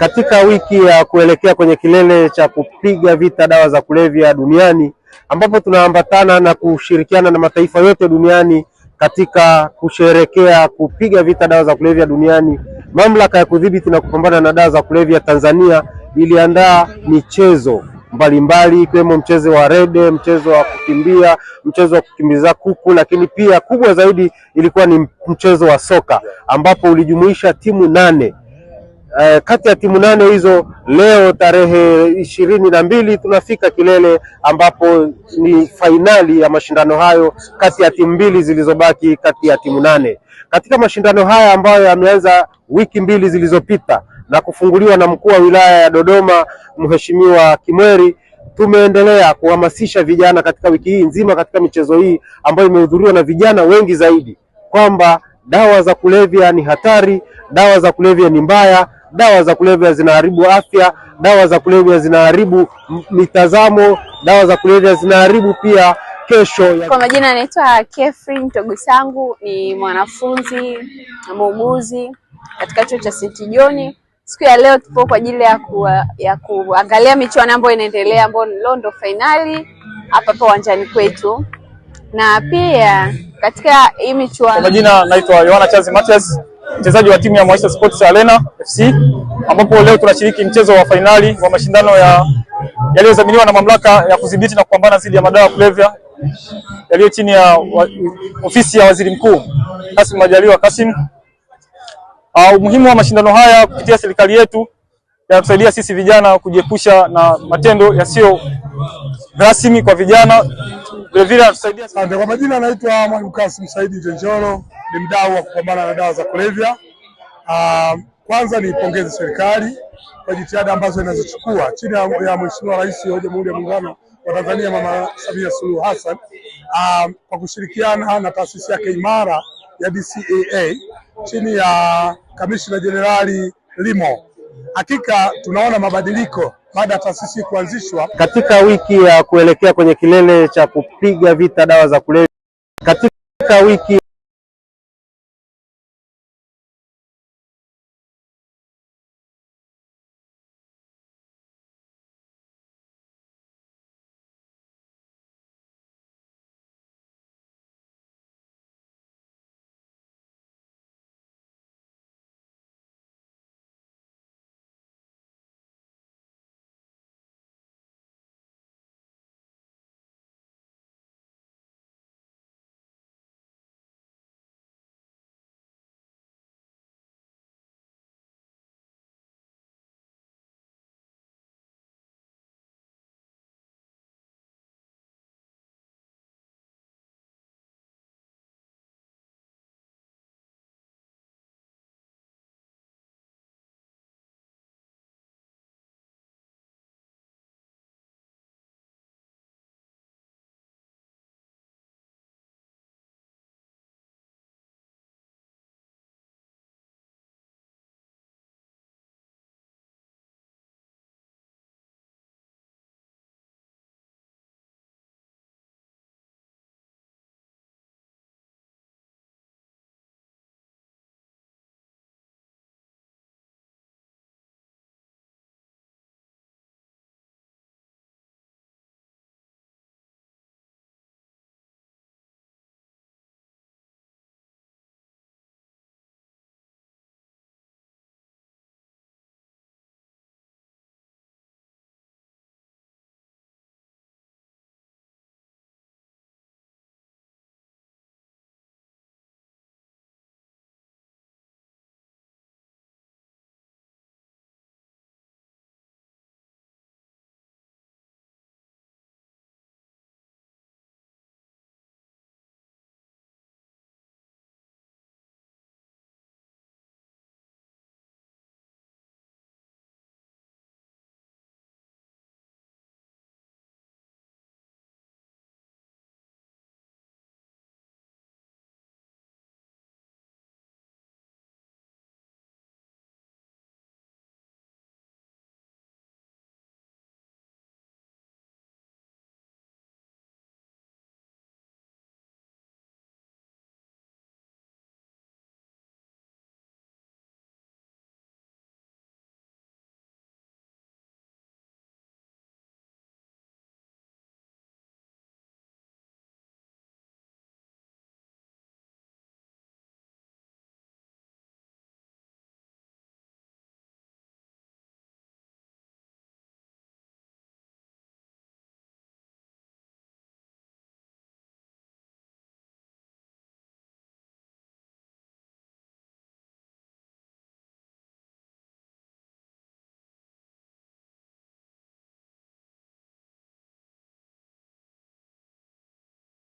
Katika wiki ya kuelekea kwenye kilele cha kupiga vita dawa za kulevya duniani ambapo tunaambatana na kushirikiana na mataifa yote duniani katika kusherekea kupiga vita dawa za kulevya duniani, mamlaka ya kudhibiti na kupambana na dawa za kulevya Tanzania iliandaa michezo mbalimbali ikiwemo mchezo wa rede, mchezo wa kukimbia, mchezo wa kukimbiza kuku, lakini pia kubwa zaidi ilikuwa ni mchezo wa soka ambapo ulijumuisha timu nane eh, kati ya timu nane hizo leo tarehe ishirini na mbili tunafika kilele ambapo ni fainali ya mashindano hayo kati ya timu mbili zilizobaki kati ya timu nane katika mashindano haya ambayo yameanza wiki mbili zilizopita na kufunguliwa na mkuu wa wilaya ya Dodoma Mheshimiwa Kimweri. Tumeendelea kuhamasisha vijana katika wiki hii nzima katika michezo hii ambayo imehudhuriwa na vijana wengi zaidi kwamba dawa za kulevya ni hatari, dawa za kulevya ni mbaya, Dawa za kulevya zinaharibu afya, dawa za kulevya zinaharibu mitazamo, dawa za kulevya zinaharibu pia kesho ya... Kwa majina anaitwa Kefri Mtogosangu, ni mwanafunzi na muuguzi katika chuo cha St. John. Siku ya leo tupo kwa ajili ya, ku, ya kuangalia michuano ambayo inaendelea ambayo leo ndo fainali hapa hapa uwanjani kwetu, na pia katika hii michuano. Kwa majina naitwa Yohana Chazi Matias mchezaji wa timu ya Mwaisha Sports Arena FC, ambapo leo tunashiriki mchezo wa fainali wa mashindano ya yaliyodhaminiwa na mamlaka ya kudhibiti na kupambana dhidi ya madawa ya kulevya yaliyo chini ya wa, ofisi ya Waziri Mkuu Kassim Majaliwa Kassim. Uh, umuhimu wa mashindano haya kupitia serikali yetu yanatusaidia sisi vijana kujiepusha na matendo yasiyo rasmi kwa vijana, vilevile yanatusaidia. kwa majina, anaitwa Mwalimu Kasim Saidi Jonjoro, ni mdau wa kupambana na dawa za kulevya. Uh, kwanza niipongeze serikali kwa jitihada ambazo inazochukua chini ya Mheshimiwa Rais wa Jamhuri ya Muungano wa Tanzania Mama Samia Suluhu Hassan ah, kwa kushirikiana na taasisi yake imara ya DCAA chini ya Kamishna Jenerali Limo Hakika tunaona mabadiliko baada ya taasisi kuanzishwa. Katika wiki ya kuelekea kwenye kilele cha kupiga vita dawa za kulevya, katika wiki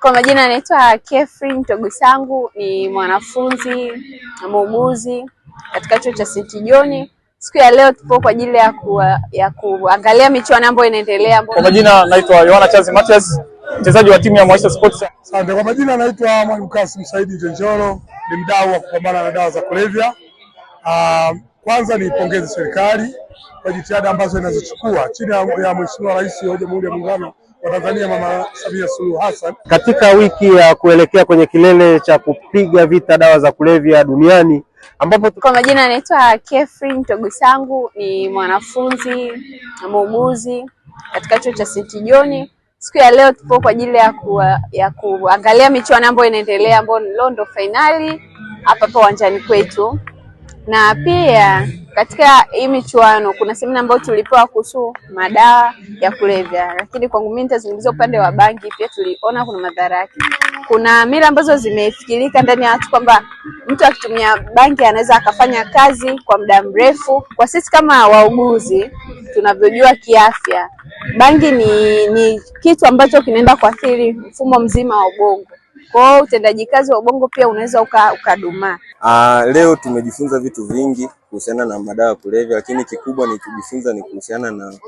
Kwa majina anaitwa Kefrin Togosangu, ni mwanafunzi na muuguzi katika chuo cha St. John. Siku ya leo tupo kwa ajili ya, ku, ya kuangalia michuano ambayo inaendelea. Kwa majina naitwa Yohana Chazi Matias, mchezaji wa timu ya Mwaisha Sports. Asante. Kwa majina naitwa Mwalimu Kasim Saidi Jonjoro, ni mdau wa kupambana na dawa za kulevya. Uh, kwanza nipongeze serikali kwa jitihada ambazo inazochukua chini ya Mheshimiwa Rais wa Jamhuri ya Muungano wa Tanzania Mama Samia Suluhu Hassan. Katika wiki ya kuelekea kwenye kilele cha kupiga vita dawa za kulevya duniani ambapo kwa majina anaitwa Kefrin Togosangu, ni mwanafunzi na muuguzi katika chuo cha St. John. Siku ya leo tupo kwa ajili ya, ku, ya kuangalia michuano ambayo inaendelea ambayo leo ndo fainali hapa hapa uwanjani kwetu na pia katika hii michuano kuna semina ambayo tulipewa kuhusu madawa ya kulevya, lakini kwangu mimi nitazungumzia upande wa bangi. Pia tuliona kuna madhara yake, kuna mila ambazo zimefikirika ndani ya watu kwamba mtu akitumia bangi anaweza akafanya kazi kwa muda mrefu. Kwa sisi kama wauguzi tunavyojua kiafya, bangi ni, ni kitu ambacho kinaenda kuathiri mfumo mzima wa ubongo kwa utendaji kazi wa ubongo pia unaweza ukadumaa. Uka ah, leo tumejifunza vitu vingi kuhusiana na madawa ya kulevya, lakini kikubwa ni kujifunza ni kuhusiana na